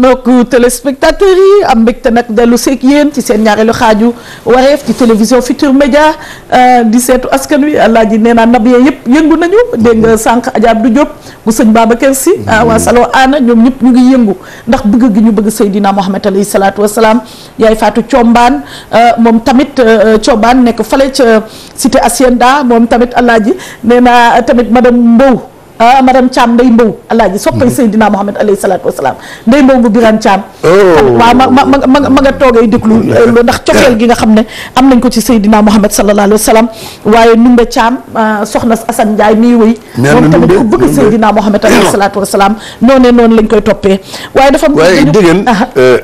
mbokku téléspectateurs yi am mbégte nag dellu seek yéen ci seen ñaareelu xaaju wareef ci télévision Futur Média euh, di seetu askan wi alaaji nee naa nab yee yëpp yëngu nañu dégg nga sànq Adja Abdou Diop bu sëñ Babacar Sy ah mm-hmm. waa Salon Anna ñoom ñëpp ñu ngi yëngu ndax bëgg gi ñu bëgg Seydina Mohamed alayhi salaatu wasalaam yaay Fatou Thiombane euh, moom tamit euh, Thiombane nekk fale ca cité Hacienda moom tamit alaaji nee naa tamit ma madame Mbow Ah, madame Thiam Ndeye Mbow alaaji soppay mhm. Seydina Mohamed alayhi salaatu wasalaam Ndeye Mbow bu Birane Thiam oh. waaw ma ma ma ma nga toogee déglu eh, ndax cofeel gi nga xam ne am nañ ko ci Seydina Mohamed sallallahu alayhi salaam sallam waaye Numbe Thiam ah, soxna Assane Ndiaye miy wëy moom tamit ku bëgg Seydina Mohamed alayhi salaatu wasalaam noonee noonu lañ koy toppee waaye dafa waaye déggeen eh,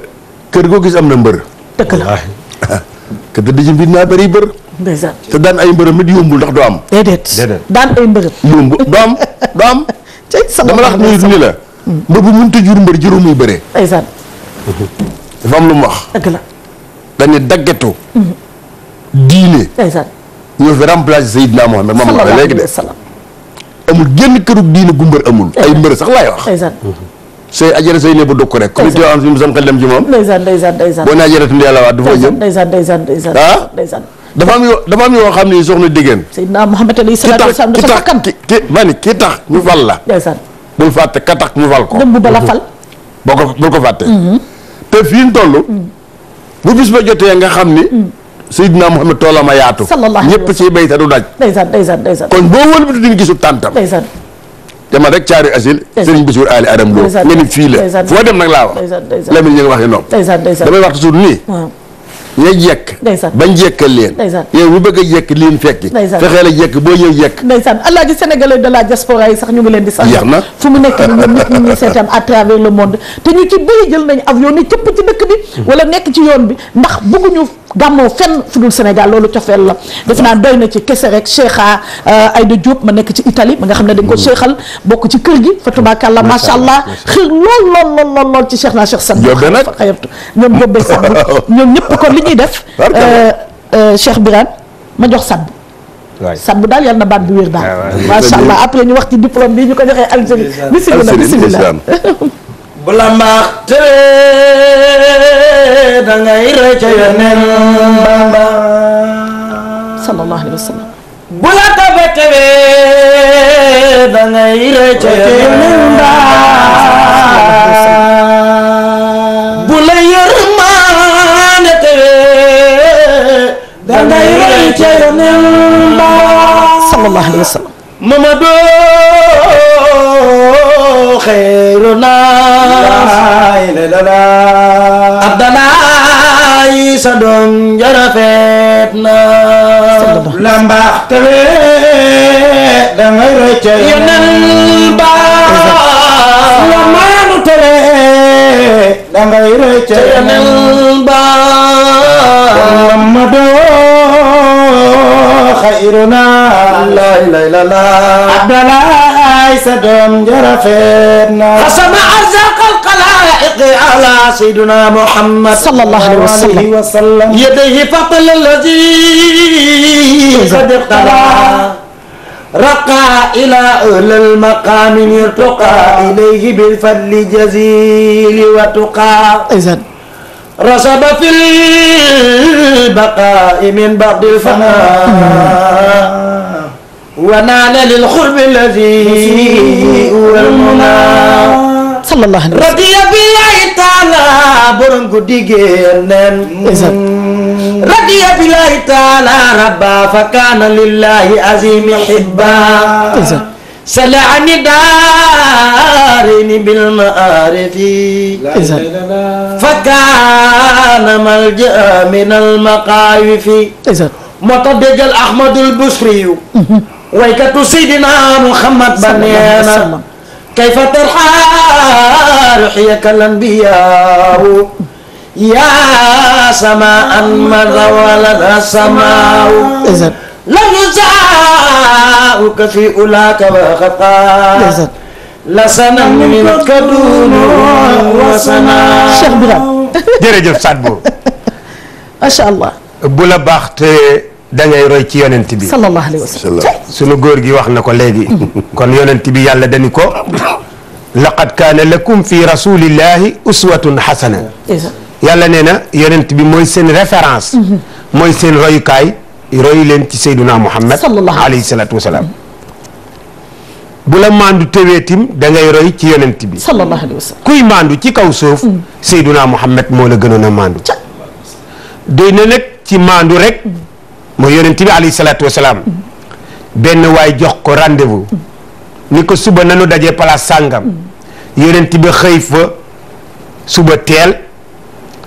kër goo gis am na mbër dëgg la ke tëdd ci mbir naa bëri bër te daan ay mbërëm it yombul ndax du am. daan ay mbërëm. yombul du am du am. dama la wax nii nii la. mbër bu mënut a jur mbër jëru muy bëree. ndeysaan. dafa am lu mu wax. dëgg la. dañuy daggetu. Mm-hmm. diine. ndeysaan. ñoo fi remplacer Seydina Mohamed moom la léegi de. amul génn kërug diine gu amul. ay mbër sax laay wax. ndeysaan. sooy ajara say ne ba dokk rek comité yoo xam si mu sam xel dem ci moom. boo nee ajara tundi yàlla waat du fa jëm. Ah? dafa am yoo dafa xam ne soxna diggéen Seydina Muhammad alayhi salaatu wa salaam dafa bakkan ki tax ma ni ki tax ñu fal la bul fàtte ka tax ñu fal ko boo ko bul ko fàtte mhm. te fii ñu toll mhm. bu bis ba jotee nga xam ni mhm. Seydina Muhammad toolama yaatu ñëpp ci bayta du daj kon boo wëlbatu di nga gisu tàntam ndeysaan rek caaru asil sëriñ Bisiwul Ali Adam Lo nga ni fii la foo dem nag laa wax Lamine ñu ngi waxee noonu damay waxtu suuf nii ña jekk bañ jekkal leen yow bu bëgg a jekk leen fekki fexee la jekk boo ñëw jekk ndeysaan alaaji sénégalais de la diaspora yi sax ñu ngi leen di sax na fu mu nekk ni ñoom nit ñi ñuy seetaan à travers le monde te ñu ci bëri jël nañ avion ni cëpp ci dëkk bi wala nekk ci yoon bi ndax bëgguñu gàmmoo fenn fu dul Sénégal loolu cofeel la def naa doy na ci kese rek Cheikha Aïda Diop ma nekk ci itali ma nga xam ne dañ ko seexal bokk ci kër gi fa tubaakàlla macha allah xir lool lool lool lool lool ci Cheikh naa Cheikh Samb fa xayatu ñoom jóbbe sàmb ñoom ñëpp ko li ñuy def Cheikh Birane ma jox sàmb sàmb daal yàlla na baat bu wér daal macha allah après ñu wax ci diplôme bi ñu ko joxee Algérie bisimilah bisimilah bu la mbaax tëree da ngay rey ca yoneen Bamba sallallahu alayhi wa sallam bu la tabe tëree da ngay rey ca yoneen Bamba bu la yërmaane tëree da ngay rey خير الناس Abdalaay sa doom jarafet na la mbaax tawe dangay rëcc yeneen baax la maanu tere dangay rëcc yeneen baax la ma doo xayruna la ilaha illallah sa doom jarafet na xasama arzaq alxalaiq ala sayyidina Muhammad sallallahu alayhi wa sallam yadayhi faqal alladi qad iqtala رقى إلى أهل المقام ارتقى إليه بالفضل جزيل وتقى إذن رسب في البقاء من بعد الفناء ونال للخرب الذي هو المنى صلى الله عليه وسلم رضي بالله تعالى برم قديجين رضي بالله تعالى ربا فكان لله عظيم حبا سلا عن دارين بالمعارف فكان ملجأ من المقايف متدجل أحمد البصري waykatu Seydina Muhammad ba nee na kayfa tarxaa ruxyaka lambiyaawu yaa sama an mada walada samaawu lam yusaawuka fi ulaaka wa xataa la sana minka duunu wa sana Cheikh Birame jërëjëf Sadbou macha allah bu la baax te da ngay roy ci yonent bi. sallallahu alayhi wa sallam sunu góor gi wax na ko léegi. kon yonent bi yàlla dañu ko. laqad kaana lakum fi rasulillahi uswatun xasana. yàlla nee na yonent bi mooy seen référence. Mm-hmm. mooy seen royukaay royu leen ci sayduna muhammad. alayhi salaatu wa salaam. bu la maandu teweetim da ngay roy ci yonent bi. sallallahu alayhi wa sallam kuy maandu ci kaw suuf. Mm-hmm. sayduna muhammad moo la gënoon a maandu. doy na nag ci rek. Mm-hmm. mooy yonent bi alayhi salaatu wa benn waay jox ko rendez-vous ni ko suba nanu dajee place sàngam yonent bi xëy fa suba teel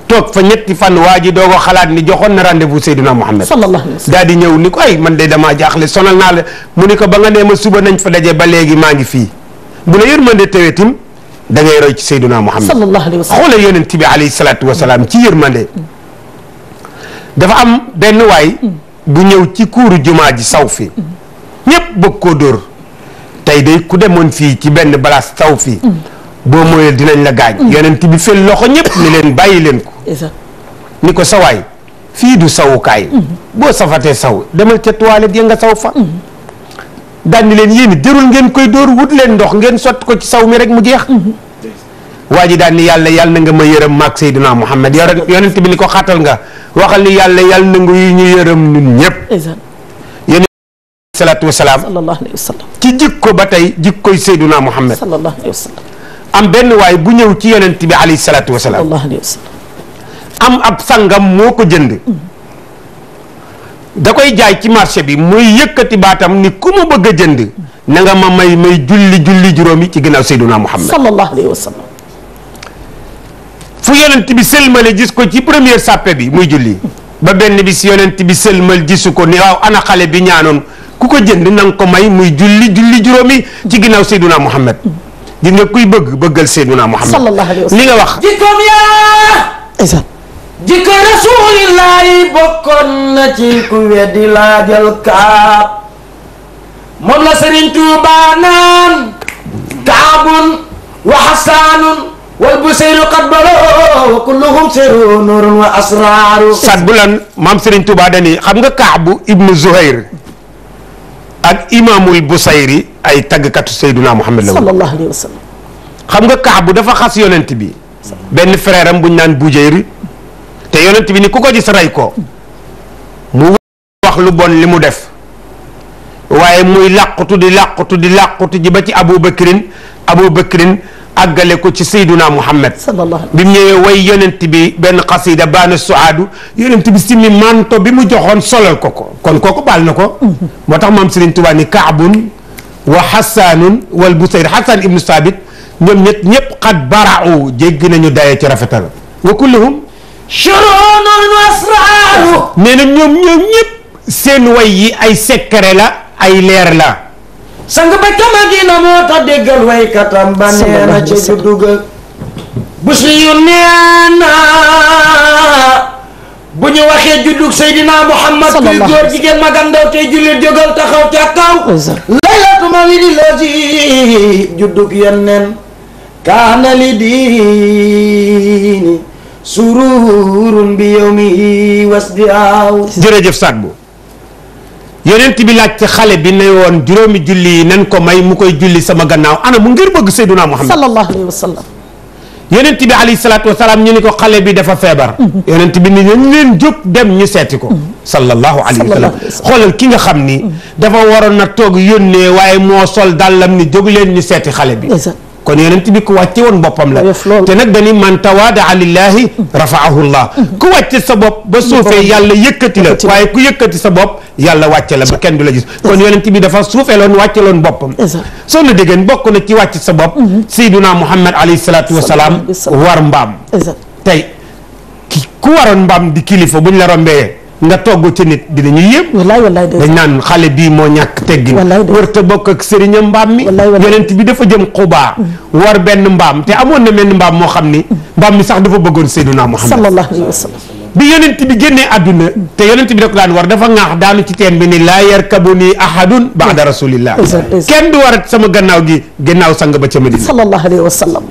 toog fa ñetti fan waa ji doo ko xalaat ni joxoon na rendez-vous Seydina Muhammad sallallahu alayhi wa sallam daal di ñëw ni ko ay man de damaa jaaxle sonal naa la mu ni ko ba nga nee ma suba nañ fa daje ba léegi maa ngi fii bu la yërmande tewetim da ngay roy ci Seydina Muhammad sallallahu alayhi wa sallam xoolal yonent bi alayhi salaatu wasalaam ci yërmande dafa am benn waay mm. bu ñëw ci kuuru jumaa ji saw fii ñépp bëgg koo dóor tey day ku demoon fii ci benn balaas saw fii boo mooyee dinañ la gaañ yonent bi fel loxo ñépp ni leen bàyyi leen ko ni ko sawaay fii du sawukaay mm-hmm. boo safatee saw demal ca toilette ya nga saw fa mm-hmm. daan leen yéen jërul ngeen koy dóor wut leen ndox ngeen sotti ko ci saw mi rek mu jeex mm-hmm. waa ji daal ni yàlla yàlla na nga ma yërëm maag Seydina Muhammad yow rek yonent bi ni ko xàttal nga waxal ni yàlla yàlla na nga yu ñu yërëm ñun ñëpp yonent ci jikko ba tey jikkoy Seydina Muhammad sallallahu alayhi wa sallam am benn waay bu ñëw ci yonent bi alayhi salaatu wasalaam sallallahu am ab sangam moo ko jënd mm. da koy jaay ci marché bi muy yëkkati baatam ni ku ma bëgg a jënd na nga ma may julli julli juróomi ci ginnaaw Seydina Muhammad fu yonent bi sëlmale gis ko ci première sàppe bi muy julli ba benn bi si yonent bi sëlmal gisu ko ni waaw ana xale bi ñaanoon ku ko jënd nanga ko may muy julli julli juróomi ci ginnaaw Seyduna Muhammad di nga kuy bëgg bëggal Seyduna Muhammad sallallahu alayhi li nga wax jikkoom yaa jikko rasulillahi bokkoon na ci ku weddi kaab moom la Sëriñ Tuubaa naan kaabun wa والبسير قد بلو وكلهم سيروا نور واسرار سات بولان مام سيرن توبا داني خمغا كعب ابن ay tàggkatu sayduna muhammad la sallallahu alayhi xam nga kaabu dafa xas yonent bi benn frère am buñ naan bujayri te bi ni ku ko gis rey mu wax bon li mu def waaye muy làqutu di làqutu di làqutu ji ba ci abou bakrin abou bakrin àggale ko ci mu muhammad bi mu ñëwee way yonent bi benn xasida baana suaadu yonent bi simmi manto bi mu joxoon solal ko ko kon kooku baal na ko mm-hmm. moo tax maam Serigne Touba ni kaabun wa xasanun wal busayr xasan ibnu sabit ñoom ñett ñëpp xat barau jéggi nañu daye ci rafetal wa kulluhum shuronul wasraaru nee na ñoom ñoom ñëpp seen way yi ay secret la ay leer la sang ba ca Madina moo tax déggal waykatam ba nee na ci juddu bu si yu nee bu ñu waxee juddug Seydina Muhammad kuy góor jigéen mag ak ndaw tey jullit jógal taxaw ca kaw laylatu mawlidi lazi juddug yenneen kaana li diini sururun bi yawmi wasdi aaw jërëjëf Sadbu yonent bi laaj ci xale bi ne woon juróomi julli yi nan ko may mu koy julli sama gannaaw ana mu ngir bëgg Seydunaa Muhammad sallallahu alayhi wa sallam yonent bi alayhi salaatu wa salaam ñu ni ko xale bi dafa feebar yonent bi ni ñu leen jóg dem ñu seeti ko sallallahu alayhi wa sallam xoolal ki nga xam ni dafa waroon na toog yónnee waaye moo sol dàllam ni jóg leen ñu seeti xale bi kon yonent bi ku wàcce woon boppam la te nag dañi man tawaadaa lillahi rafaahu llah ku wàcce sa bopp ba suufee yàlla yëkkati la waaye ku yëkkati sa bopp yàlla wàcce la ba kenn du la gis kon yonent bi dafa suufeeloon wàcce loon boppam soo na déggéen bokk na ci wàcc sa bopp mhm. sayduna muhammad alayhi salaatu wasalaam war mbaam tey ku waroon mbaam di kilifa buñ la rombee nga togg ci nit dinañu yëpp. wallaay wallaay dañ naan xale bii moo ñàkk teggin. wallaay wërta bokk ak sëriñam mbaam mi. yonent bi dafa jëm xubaa. Mm. war benn mbaam te amoon na benn mbaam moo xam ni. Mm. mbaam mi sax dafa bëggoon Seydina Muhammad. sallallahu alayhi wa sallam. bi yonent bi génnee àdduna. te yonent bi da ko daan war dafa ŋaax daanu ci teen bi ni laa yarkabu nii ahadun baada rasulillah. kenn du war sama gannaaw gi gannaaw sang ba ca Madina. sallallahu alayhi wa sallam.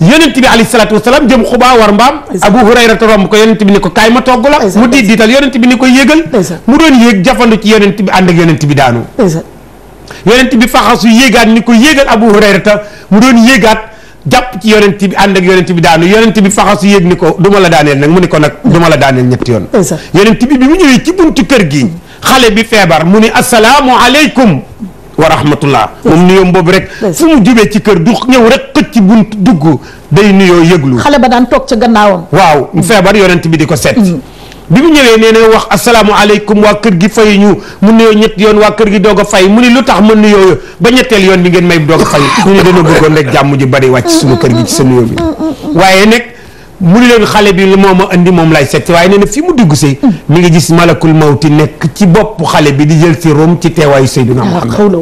yonent bi alayhi salaat wasalaam jëm xubaa war mbaam abu hurayrata romb ko yonent bi ni ko kaay ma togg la mu di diital yonent bi ni ko yéegal mu doon yéeg jafandu ci yonent bi ànd ak yonent bi daanu yonent bi faxasu yéegaat ni ko yéegal abu hurayrata mu doon yéegaat jàpp ci yonent bi ànd ak yonent bi daanu yonent bi faxasu yéeg ni ko duma la daaneel nag mu ni ko nag duma la daaneel ñetti yoon yonent bi bi mu ñëwee ci buntu kër gi xale bi feebar mu ni asalaamu aleykum wa rahmatullah moom nuyoo boobu rek fu mu jubee ci kër du ñëw rek xëcc bunt dugg day nuyoo yëglu xale ba daan toog ca gannaawam waaw mm. feebar yonent bi di ko seet mm. bi mu ñëwee nee na wax asalaamualeykum waa kër gi fay ñu mu nuyoo ñett yoon waa kër gi doog a fay mu ni lu tax ma nuyoo ba ñetteel yoon bi ngeen may doog a fay ñu ne dañoo bëggoon rek jàmm ji bari wàcc suma kër gi ci sa nuyoo bi mm, waaye nag mu ne leen xale bi moo ma andi moom lay seet si waaye nee na fi mu dugg si. Mm. mi ngi gis malakul mawti nekk ci bopp xale bi di jël si rom ci teewaayu Seydina Muhammad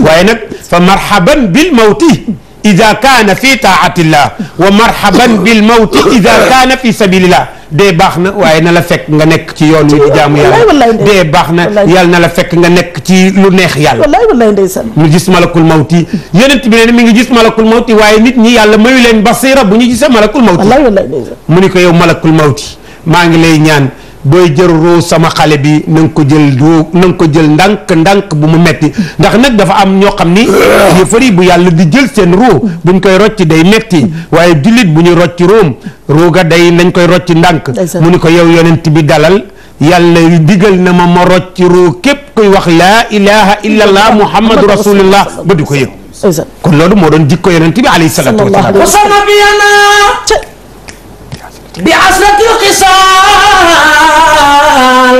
waaye nag fa marhaban bil mawti ida kaana fi taatillah wa marhaban bil mawti ida kaana fi sabilillah dee baax na waaye na la fekk nga nekk ci yoon wi di jaamu yàlla dee baax na yàlla na la fekk nga nekk ci lu neex yàlla wallaay wallaay ndeysaan ñu gis malakul mawti yonent bi ne mi ngi gis malakul mawti waaye nit ñi yàlla mayu leen basira bu ñu gisee malakul mawti wallaay wallaay ndeysaan mu ni ko yow malakul mawti maa ngi lay ñaan booy jël roo sama xale bi na ko jël roo na ko jël ndànk ndànk bu mu metti ndax nag dafa am ñoo xam ni yëfar yi bu yàlla di jël seen roo buñ koy rocc day metti waaye jullit bu ñu rocc room rooga day nañ koy rocc ndànk mu ni ko yow yonent bi dalal yàlla digal na ma ma rocc roo képp koy wax laa ilaha illa allah muhammadu rasulullah ba di ko yëg kon loolu moo doon jikko yonent bi alayhi salatu wasalam bi asratil xisaal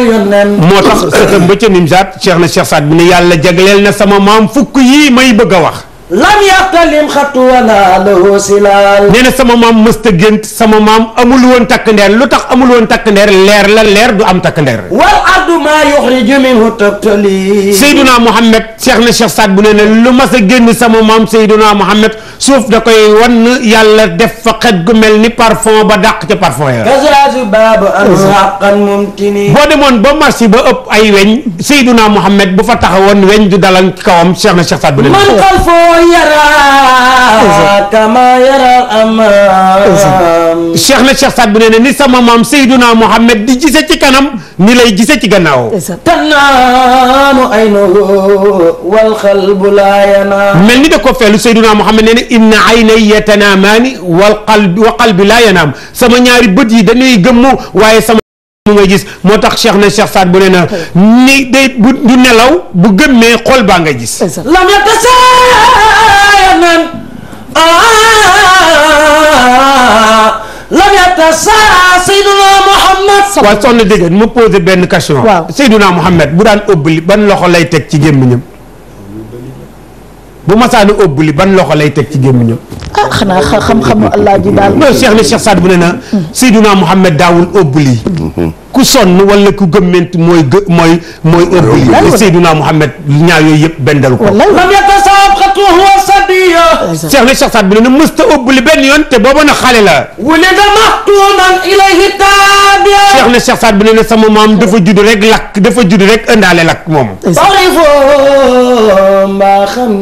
yónneen moo tax sëtam ba ca Nimzaat Cheikh na Cheikh Saad bu ne yàlla jagleel na sama maam fukk yii may bëgg a wax. lam yaqtalim xattu wala lahu silaal. nee na sama maam mësta gént sama maam amul woon takk ndeer lu tax amul woon takk ndeer leer la leer du am takk ndeer. wal baadu maa yuxriju minhu tabtali Seyduna Muhammad Cheikh na Cheikh Saad bu ne ne lu mas a génn sama maam Seyduna Muhammad suuf da koy wan yàlla def fa xet gu mel ni parfum ba dàq ca parfum ya kasratu baabu an haqqan mumtini boo demoon ba marché ba ëpp ay weñ Seyduna Muhammad bu fa taxawoon weñ du dalan kawam Cheikh na Cheikh Saad bu ne man xalfu yara kama yara amam Cheikh na Cheikh Saad bu ne ne ni sama maam Seyduna Muhammad di gise ci kanam ni lay gise ci gannaaw tanaanu aynuhu wal qalbu laa yanaam mel ni da ko fellu Seydina Muhammad nee na inna aynaya tanaamaani wal qalbi wa qalbi laa yanaam sama ñaari bët yi dañuy gëmmu waaye sama mu nga gis moo tax cheikh na cheikh Saad bu ne na ni day bu du nelaw bu gëmmee xol baa nga gis lam yatasayanan lam yatta saa Seydina Mohamed. waaw soxna dégg mu posé benn question. waaw Seydina Mohamed bu daan ëbbali ban loxo lay teg ci gémmiñam bu masaanu ëbb li ban loxo lay teg ci gémmiñam ah xanaa xam-xamu allah ji mm-hmm. daal non Cheikh ne Cheikh Saad bu ne na mm-hmm. Seydina Mouhamed daawul ëbb lii mm-hmm. ku sonn wala ku gëmment mooy gë mooy mooy ëbb lii te Seydina Mouhamed ñaar yooyu yëpp bendalu ko lam yatasabqat wa huwa sadiya Cheikh ne Cheikh Saad bu ne na mësta ëbb li benn yoon te booba na xale la wulida mahtunan ilayhi Cheikh ne Cheikh Saad bu ne sama maam dafa judd rek lakk dafa judd rek ëndaale lakk moom. mbaa xam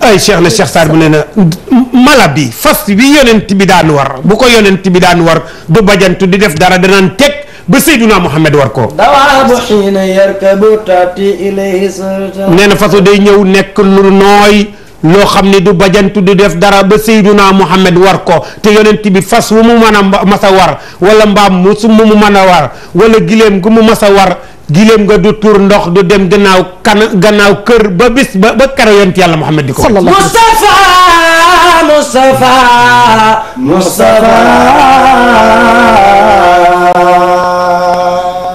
ay Cheikh ne Cheikh Saad bu ne na bi fas bi yonent bi daan war bu ko yonent bi daan war du bajantu di def dara danaan teg ba Seydina Muhammad war ko dawaabu xiina day ñëw nekk lu nooy loo xam ne du bajantu du def dara ba Seydunaa Muhammad war ko te yonent bi fas wu mu mën a war wala mbaam mu su mu war wala giléem gu mu mas war giléem nga du tur ndox du dem gannaaw kër ba bis ba kara yonent yàlla Muhammad di ko Mustafa Mustafa Mustafa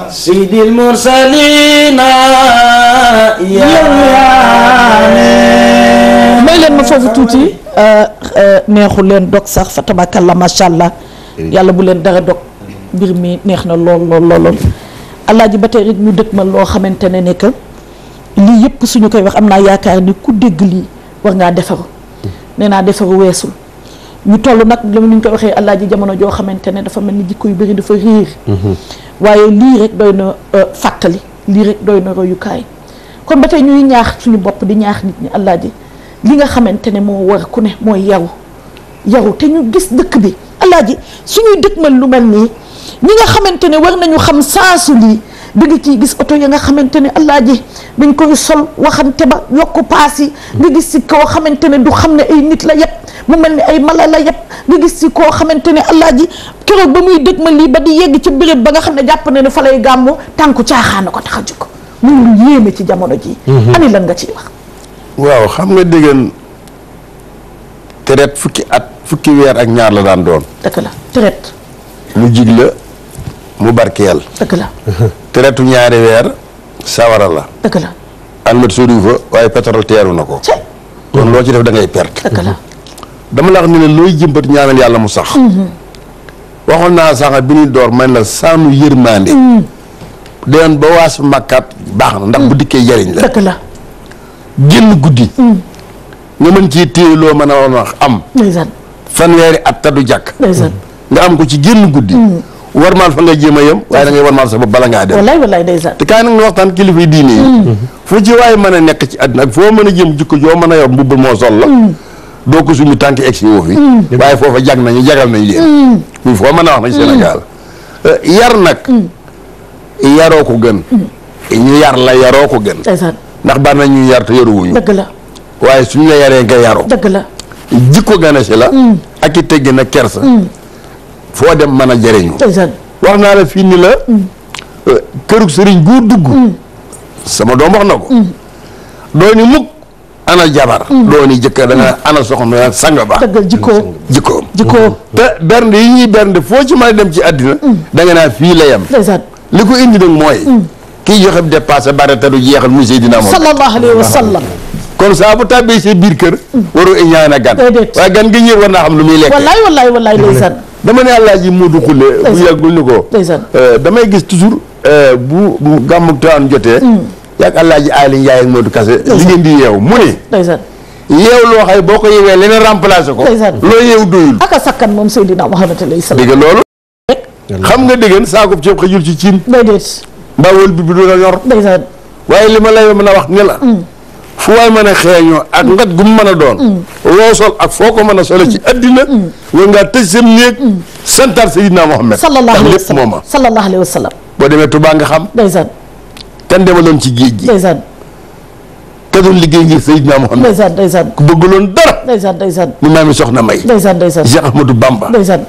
Sidil Mursalina foofu tuuti euh, euh, neexu leen dog sax fa la macha allah yàlla bu leen dara dog mbir mi neex na lool lool lool alaaji ba tey rek ñu ma loo xamante ne ne que lii yëpp suñu koy wax am naa yaakaar ni ku dégg lii war ngaa defaru nee naa defaru weesul ñu toll nag lu ñu koy waxee alaaji jamono joo xamante ne dafa mel ni jikko yu bëri dafa riir mhm. waaye lii rek doy na euh, fàttali lii rek doy na royukaay kon ba tey ñuy ñaax suñu bopp di ñaax nit ñi alaaji li nga xamante ne moo war ku ne mooy yaru yaru te ñu gis dëkk bi alaaji suñuy ma lu mel nii ñi nga xamante ne war na nañu xam saasu lii dëgg ciy gis oto ya nga xamante ne alaaji dañ koy sol waxante ba yokk paas yi nga gis si koo xamante ne du xam ne ay nit la yëpp mu mel ni ay mala la yëpp nga gis si koo xamante ne alaaji keroog ba muy dëgg ma lii ba di yegg ci béréb ba nga xam ne jàpp na ne fa lay gàmmu tànku caaxaan ko tax a jóg mu yéeme ci jamono ji mm-hmm. ani lan nga ciy waaw xam nga déggan tereet fukki at fukki weer ak ñaar la daan doon. dëgg mu jig la mu barkeel. dëgg la. ñaari weer sawara la. dëgg la. almet fa waaye pétrole teeru na ko. kon loo ci def da ngay perte. dëgg la. dama la looy jëmbat ñaanal yàlla mu sax. Mm-hmm. waxoon naa sax bi ñuy door man la saanu yërmande. Mm. deen ba waas makkaat baax na ndax bu mm. dikkee jariñ la. génn guddi. Hmm. nga mën cee téye loo mën a wax am. fanweeri at ta du jàkk. Hmm. nga am ko ci génn guddi. Hmm. warmaal fa nga jëm a yem waaye da ngay warmaal sa ba bala ngaa dem. wallaay wallaay ndeysaan. te kaay nag ñu waxtaan kilifa yi diine yi. fu ci mën a nekk ci àddina foo mën a jëm jikko joo mën a yor mbubb moo sol la. doo ko suñu tànk egg si woo foofa jag nañu jagal nañ leen. foo mën a wax nag Sénégal. Eh, yar nag. yaroo ko gën. ñu yar la yaroo ko gën. ndax bari na ñuy yar te yaruwuñu. dëgg la waaye suñ la yaree nga yaroo. dëgg jikko gane si la. Mm. ak i teggi na kersa. Mm. foo dem mën a jëriñu. wax naa la fii ni la. Mm. Euh, kërug sëriñ bu dugg. sama doom wax na ko. doo ni mukk ana jabar. doo ni jëkkër da nga ana soxna ak sang ba. dëgg jikko jikko jikko. te yi ñuy bernde foo ci mën dem ci àddina. da naa fii la yem. li ko indi nag mooy. kiy joxe dépassé barata du jeexal mu Seydina Muhammad sallallahu alayhi wa sallam kon saa bu tàbbee sa biir kër waru iñaan a gan waaye gan gi ñëw war naa xam lu muy lekk wallaay dama ne àllaa ji Moodu Xulle bu yàggul ni ko euh, damay gis toujours euh, bu gàmmu Tiwaawan jotee mm. yàgg àllaa di yeew mu ne yeew loo xay boo ko yeewee leneen ko loo yeew doyul aka sakkan moom Seydina Muhammad alayhi salaam dégg loolu xëjul ci cin déedéet mbaa wël bi bi du la ñor. waaye li ma lay mën a wax ni la. Mm. fu waay mën a xeeñoo ak mm. ngat mu mën a doon. Mm. loo sol ak foo ko mën a sole ci addina. war ngaa tëj seen néeg. santaat Seydina Mohamed. sallallahu alayhi wa sallam ndax lépp mooma. sallallahu alayhi wa sallam. boo demee Touba nga xam. ndeysaan. kan demaloon ci géej gi. ndeysaan. ka doon liggéey ngir Seydina Mohamed. ndeysaan ndeysaan. ku bëgguloon dara. ndeysaan ndeysaan. ni maam mi soxna May. ndeysaan ndeysaan. Cheikh Ahmadou Bamba. ndeysaan.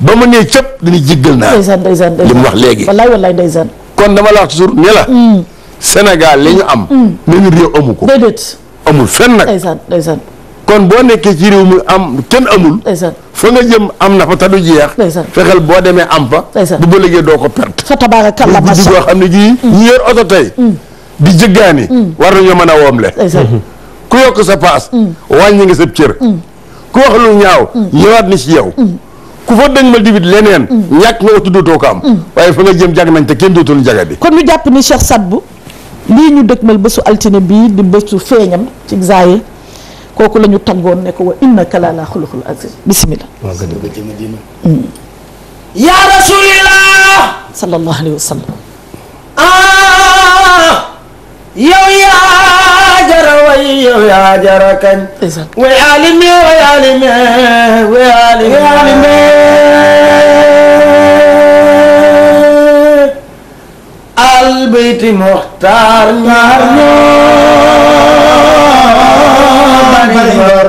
ba mu nee cëpp dañuy jéggal naa. ndeysaan ndeysaan ndeysaan li mu wax léegi. wallaay wallaay ndeysaan kon dama la wax toujours ne la. Mm. Sénégal li ñu am. Mm. nañu réew amu ko. déedéet amul fenn nag. ndeysaan ndeysaan kon boo nekkee ci réew mi am kenn amul. fa nga jëm am na fa te du jeex. fexeel boo demee am fa. bu ba léegi doo ko perte. fa tabaarakalla macha allah goo xam ne gii. Mm. ñu yor oto tey. di jëggaani. war nañoo mën a woomle. Mm-hmm. ku yokk sa paas. wàññi nga sa cër. ku wax lu ñaaw. ñëwaat ni ci yow. ku fa dëgg ma dibit leneen. Mm. ñàkk nga oto dootoo ko am. Mm. waaye fa nga jëm jag nañ te kenn dootul jagadi. kon ñu jàpp ni Cheikh Sadbou lii ñu dëgmal bésu altine bii di bésu feeñam ci zaayir kooku lañu ñu tàggoon ne ko wa innaka la ala xuluqul azim bismillah. waaw a jëm diina. Mm. yaa rasulillah. sallallahu alayhi wa sallam. Ah! jara way yow yaa jara kañ way alime way alime way alime albayti muxtaar ñaar ñoo bari bor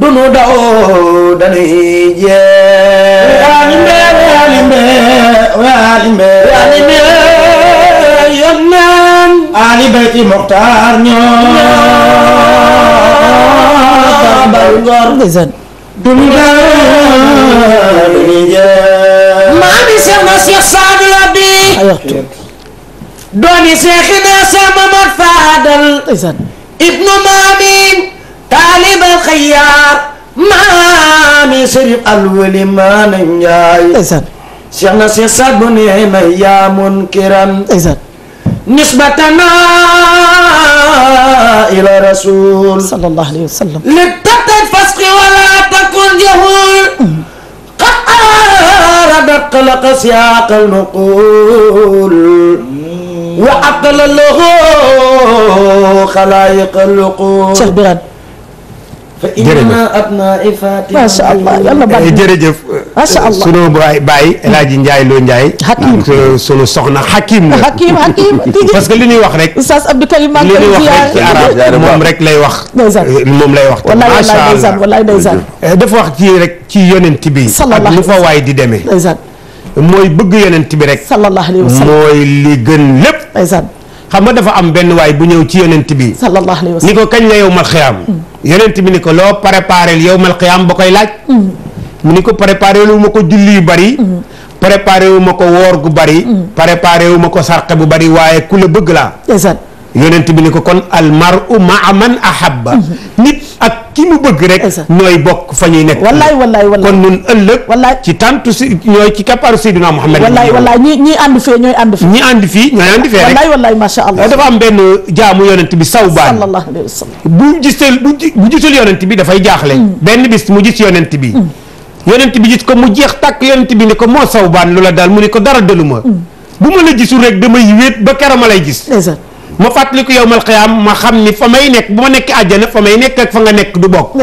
dunu daw danuy jee way alime way alime way alime ali bayti muxtaar ñoo bal ngor ndeysaan dum daani jaa maami seex na seex saadu la bi doomi seexi na seex mamad faadal ibnu maami taalib al xayaar maami sëriñ alwali maana njaay seex na seex saadu nee na yaa munkiran nisbatana ila rasul sallallahu alayhi wa sallam li tatat fasqi wala takun jahul qad arada qalaqa siyaq al nuqul wa aqala lahu xalaayiq al luqul jërëjëf macha allah yàlla baax na eh, jërëjëf. macha allah sunu bàyyi El Hadj Ndiaye Lo Ndiaye. Hakim ak euh, sunu soxna Hakim la. Hakim Hakim parce que li ñuy wax rek. Oustaz Abdou Karim maa ngi koy ziar li ñuy wax rek ci arab moom rek lay wax. Euh, moom lay wax. macha allah wallaay ndeysaan euh, dafa wax ci rek ci yonent bi. ak lu fa waay di demee. ndeysaan mooy bëgg yonent bi rek. sallallahu alayhi wa sallam mooy li gën lépp. ndeysaan xam nga dafa am benn waay bu ñëw ci yonent bi sallallahu alayhi ni ko kañ la yow mal xiyaam hmm. yonent bi ni ko loo préparé yow mal xiyaam ba koy laaj hmm. mu ni ko préparé lu ma ko julli yu bari hmm. préparé wu ma ko woor gu bari préparé wu ko sarxe bu bari waaye ku la bëgg laa yonent bi ni ko kon almaru maa man ahabba nit ak ki mu bëgg rek ñooy bokk fa ñuy nekk wallaay wallaay wallaay kon ñun ëllëg wallaay ci tàntu si ñooy ci kappaaru Seydina Muhammad wallaay wallaay ñi ñi ànd fee ñooy ànd fee fii ñooy ànd fee rek wallaay wallaay am benn jaamu yonent bi sawbaan sallallahu alayhi wa sallam bu gisal bu gisul yonent bi dafay jaaxle mm. benn bis mu gis yonent bi mm. yonent bi gis ko mu jeex takk yonent bi ni ko moo sawbaan la daal mu ni ko dara daluma mm. bu ma la gisul rek damay wéet ba keroog ma lay gis ma fàttaliku yowmal qiyaam ma xam ni fa may nekk bu ma nekk àjjana fa may nekk ak fa nga nekk du bokk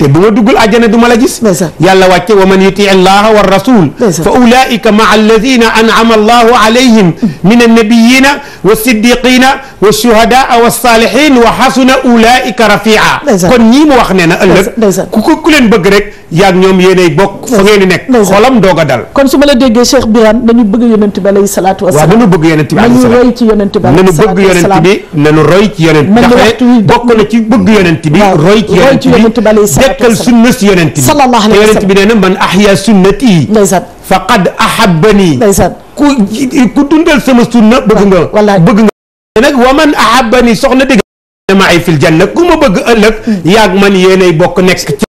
te bu ma duggul àjjana du ma la gis yàlla wàcce wa man yuti allaha wa rasul fa ulaika maa alladina an'ama allahu alayhim min annabiyina wa siddiqina wa shuhadaa wa salihin wa xasuna ulaika rafia kon ñii mu wax nee na ëllëg ku ko ku leen bëgg rek yaag ñoom yéenay bokk fa ngeen di nekk xolam doog a dal kon su ma la déggee Cheikh Birane nañu bëgg yonent bi alayhi salaatu wasalaam waaw nañu bëgg yonent bi nañu roy ci yonent bi nañu bëgg yonent bi nañu roy ci yonent bi ndax bokk na ci bëgg yonent bi roy ci yonent bi dekkal sunna si yonent bi sallallahu alayhi wa sallam yonent bi nee na man ahya sunnati ndeysaan faqad ahabbani ndeysaan ku ku dundal sama sunna bëgg nga wallaay bëgg nga nag wa man ahabbani soxna dégg maay fil janna ku ma bëgg ëllëg hmm. yaag man yéenay bokk nekk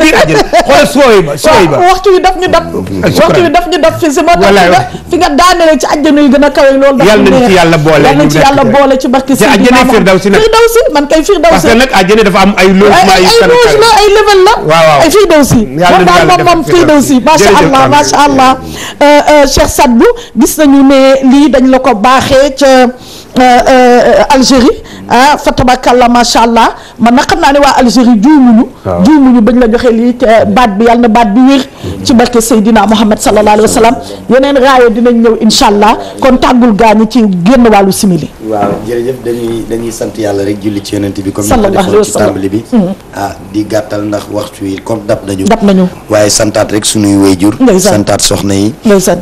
biir àjjana xoolal sooy ba sooy ba waxtu wi daf ñu dab waxtu wi daf ñu dab fi si moo tax nga fi nga daanele ci àjjana yu gën a kawe loolu yàlla nañ ci yàlla boole yàlla nañ ci yàlla boole ci barke si àjjana firdawsi nag firdawsi man kay firdawsi parce que nag àjjana dafa am ay logement ay loge la ay level la waaw ay firdawsi moom daal moom moom firdawsi macha allah macha allah euh, euh, Cheikh Sadbou gis nañu ne lii dañ la ko baaxee ca euh, Algérie ah fa tabakalla macha allah man nag xam naa ne waa Algérie juumuñu juumuñu bañ la joxe te lii baat bi yàlla na baat bi wér ci barke Seydina Mohamed sallallahu alayhi wa sallam yeneen raaya dinañ ñëw incha allah kon tàggul gaañu ci génn wàllu simili. waaw jërëjëf dañuy dañuy sant yàlla rek julli ci yonent bi. sallallahu alayhi wa sallam comme ni ko defoon ci tàmbali bi. Mm-hmm. ah di gàttal ndax waxtu yi comme dab nañu. dab nañu waaye santaat rek suñuy wayjur. santaat soxna yi.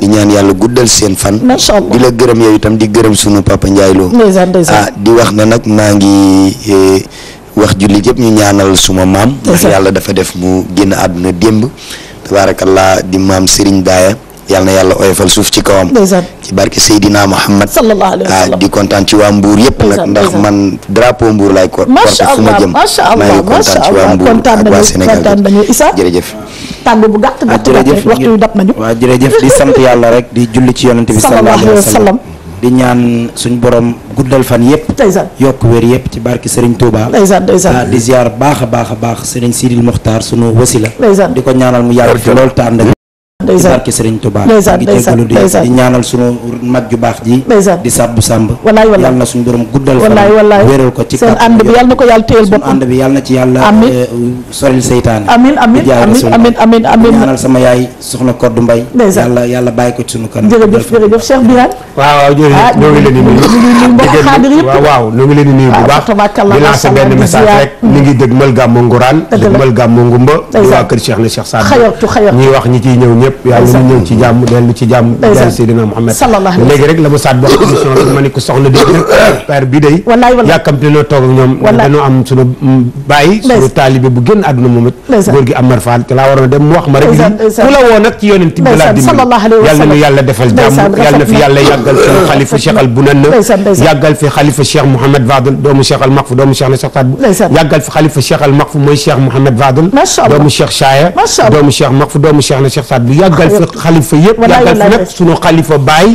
di ñaan yàlla guddal seen fan. di la gërëm yow itam di gërëm sunu papa Ndiaye Lo. ah di wax na nag maa ngi eh, wax jullit yëpp ñu ñaanal suma maam ndax yàlla dafa def mu génn àdduna démb tabaarakallaa di maam Serigne Daaya yàlla na yàlla oyofal suuf ci kawam ci barke Seydina Muhammad sallallahu ah, di kontaan ci waa Mbour yëpp nag ndax man drapeau Mbour laay ko porte fu ma jëm maa ngi kontaan ci waa Mbour ak waa Sénégal jërëjëf tàgg bu gàtt gàtt ah, waxtu yu dab nañu waaw jërëjëf di sant yàlla rek di julli ci yonent bi sallallahu alayhi wa di ñaan suñu borom guddal fan yëpp. ndeysaan yokk wér yëpp ci barki Serigne Touba. ndeysaan ndeysaan di ziar baax a baax a baax Serigne Sidil Mokhtar sunu wasila. ndeysaan di ko ñaanal mu yàgg fi lool te ànd ak ndeysaan barke Serigne Touba ndeysaan ndeysaan ndeysaan di ñaanal sunu mag ju baax ji ndeysaan di sàbbu sàmb wallaay wallaay yàlla na suñu borom guddal wallaay wallaay ko ci seen ànd bi yàlla na ko yàlla téyel boppam ànd bi yàlla na ci yàlla eh, soril seytaane amin amin amin amin amin ñaanal sama yaay soxna Koddu Mbay yàlla yàlla bàyyi ko ci sunu kanam jërëjëf jërëjëf Cheikh Birane waaw waaw jërëjëf ah, ñoo ngi leen di nuyu mbokk xaadir yëpp waaw ñoo ngi leen di nuyu bu ah, baax di lancer benn message rek ñu ngi dëgmal gàmmu nguraan dëgmal gàmmu ngumba waa kër Cheikh na Cheikh Sadio ñuy wax ñi ciy ñëw ñëpp yëpp yàlla ñu ñëw ci jàmm dellu ci jàmm dellu Seydina Muhammad léegi rek la ma saat boo émission bi ma ne ko soxna dé père bi day yàkkamte noo toog ak ñoom dañoo am suñu bàyyi suñu taalibe bu génn àdduna moom it góor gi Amar Fall te laa waroon a wax ma rek lii ku la woo nag ci yonent bi laa dimbali yàlla na yàlla defal jàmm yàlla na fi yàlla yàggal suñu xalifa Cheikh al Bunan yàggal fi xalifa Cheikh Mouhamed Vadel doomu Cheikh al Maqfu doomu Cheikh na Cheikh Sadbu yàggal fi xalifa Cheikh al Maqfu mooy Cheikh Mouhamed Vadel doomu Cheikh Chaya doomu Cheikh Maqfu doomu Cheikh na Cheikh Sadbu yàggal fi xalifa yëpp yàggal fi nag sunu xalifa baay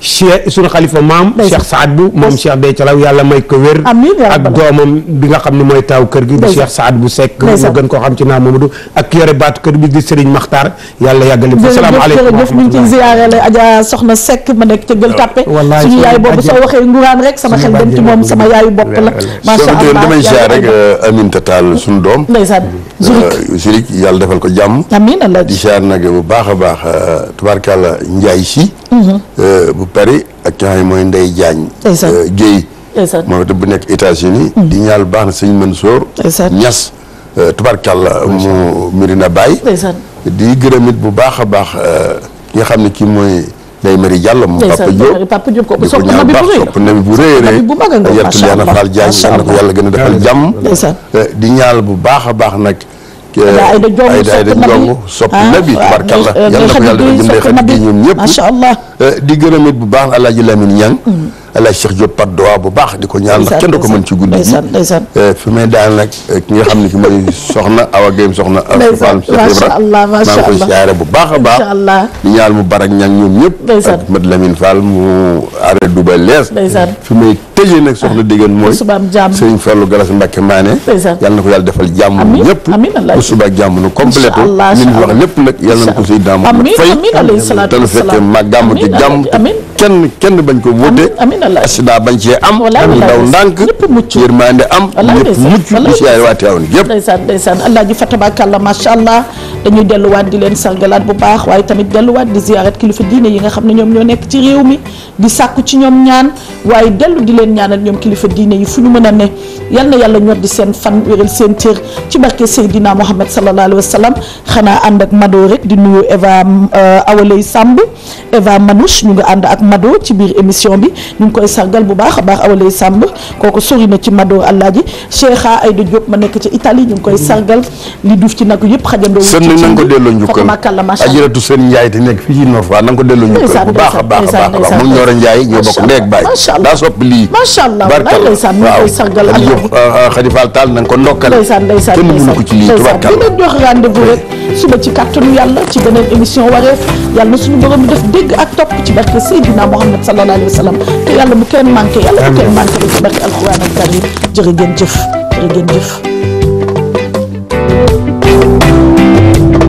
cheikh sunu xalifa maam cheikh saad bu moom cheikh Béthio yàlla may ko wér ak doomam bi nga xam ne mooy taaw kër gi di cheikh saad bu sekk ñu gën koo xam ci naa Mamadou ak yore baatu kër bi di Serigne Makhtar yàlla yàggale ko salaamaaleykum jërëjëf ñu ngi ci ziyaare la Adja Soxna Seck ma nekk ca Gueule Tapée suñu yaay boobu soo waxee nguraan rek sama xel dem ci moom sama yaayu bopp la macha allah damay ziyaare rek euh, Aminta Tall suñu doom ndeysaan Zurich euh, yàlla defal ko jàmm amiin di ziyaar nag bu baax baax a baax euh, tubaarkàlla si mhm. euh, bu Paris ak ki mooy Ndey Jaañ Géy moom itam bu nekk États-Unis mhm. di ñaal baax na sëñ Mansour Ñas euh, tubaarkàlla mu Medina baay di gërëm it bu baax a baax ki nga xam ne kii mooy Ndeye Marie Diallo moom Papa Diop ko Diop kooku sopp na bu rëy sopp na bi bu rëy rëy bu mag a nga yàlla na faal Jaañ yàlla ko yàlla gën a defal jàmm di ñaal bu baax a baax nag Ayda Jong sopp nabi tabarkalla ah, euh, yàlla na ko yàlla dafa jëndee xarit yi ñoom ñëpp macha allah euh, di gërëmit bu baax alaaji Lamine Ñang mm. alaaji Cheikh Diop par doa bu baax di ko ñaan ndax kenn du ko mën ci guddi gi euh, fi may daal nag ki nga xam ne ki mooy soxna Awa Gueye soxna Fall Cheikh Ibra maa ngi koy siyaare bu baax a baax di ñaan mu barak ñang ñoom ñëpp ak Mat Lamine Fall mu arrêt Duba lees fi may tëjee nag soxna diggéen mooy sëriñ Fallou Galas Mbacke Maane yàlla na ko yàlla defal jàmm ñëpp bu suba ak jàmm nu complété li ñu wax nag yàlla na ko siy daam fay te nu fekkee ma gàmm ci jàmm kenn kenn bañ ko wóote asida bañ cee am am daw ndànk yërmande am ñëpp yaay waati awoon yëpp dañuy delluwaat di leen sargalaat bu baax waaye tamit delluwaat di ziaret kilifa diine yi nga xam ne ñoom ñoo nekk ci réew mi di sàkku ci ñoom ñaan waaye dellu di leen ñaanal ñoom kilifa diine yi fu ñu mën a ne yal na yàlla ñor di seen fan wéral seen cër ci barke Seydina Mouhamed sallallahu alayhi wa sallam xanaa ànd ak madoo rek di nuyu Eva euh, awalay sàmb Eva Manouche ñu ngi ànd ak madoo ci biir émission bi ñu ngi koy sargal bu baax a baax Awaley Samb kooku sori na ci Mado Alaaji Cheikha Aïda Diop ma nekk ca Italie ñu ngi koy sargal li duuf ci nag yëpp ci na nga ko delloo njukkal ajiratu seen njaay te nekk fii ci Nord Foire na ko delloo njukkal baax a baax a baax mu ñor a njaay ñoo bokk ndeeg baay daa sopp lii macha allah barkal waaw Khady Fall Tall na nga ko ndokkal kenn mënu ko ci lii tubarkal dina jox rendez-vous rek suba ci kàttanu yàlla ci beneen émission wareef yàlla na suñu borom def dégg ak topp ci barke Seydina Mouhamed sallallahu alayhi wa sallam te yàlla bu kenn manqué yàlla bu kenn manqué ci barke